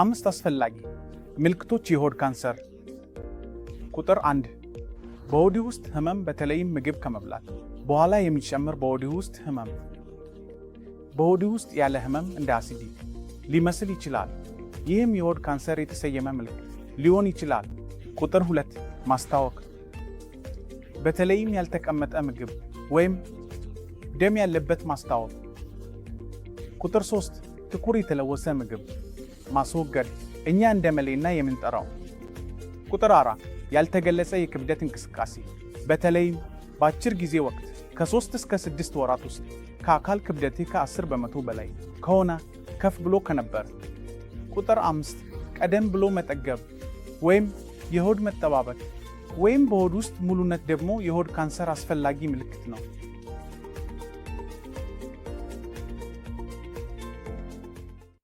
አምስት አስፈላጊ ምልክቶች የሆድ ካንሰር። ቁጥር አንድ በሆድህ ውስጥ ህመም፣ በተለይም ምግብ ከመብላት በኋላ የሚጨምር በሆድህ ውስጥ ህመም። በሆድህ ውስጥ ያለ ህመም እንደ አሲዲክ ሊመስል ይችላል፣ ይህም የሆድ ካንሰር የተሰየመ ምልክት ሊሆን ይችላል። ቁጥር ሁለት ማስታወክ፣ በተለይም ያልተቀመጠ ምግብ ወይም ደም ያለበት ማስታወክ። ቁጥር ሶስት ትኩር የተለወሰ ምግብ ማስወገድ እኛ እንደ መሌና የምንጠራው። ቁጥር አራት ያልተገለጸ የክብደት እንቅስቃሴ በተለይም በአጭር ጊዜ ወቅት ከ3 እስከ 6 ወራት ውስጥ ከአካል ክብደቴ ከ10 በመቶ በላይ ከሆነ ከፍ ብሎ ከነበር። ቁጥር አምስት ቀደም ብሎ መጠገብ ወይም የሆድ መጠባበቅ ወይም በሆድ ውስጥ ሙሉነት ደግሞ የሆድ ካንሰር አስፈላጊ ምልክት ነው።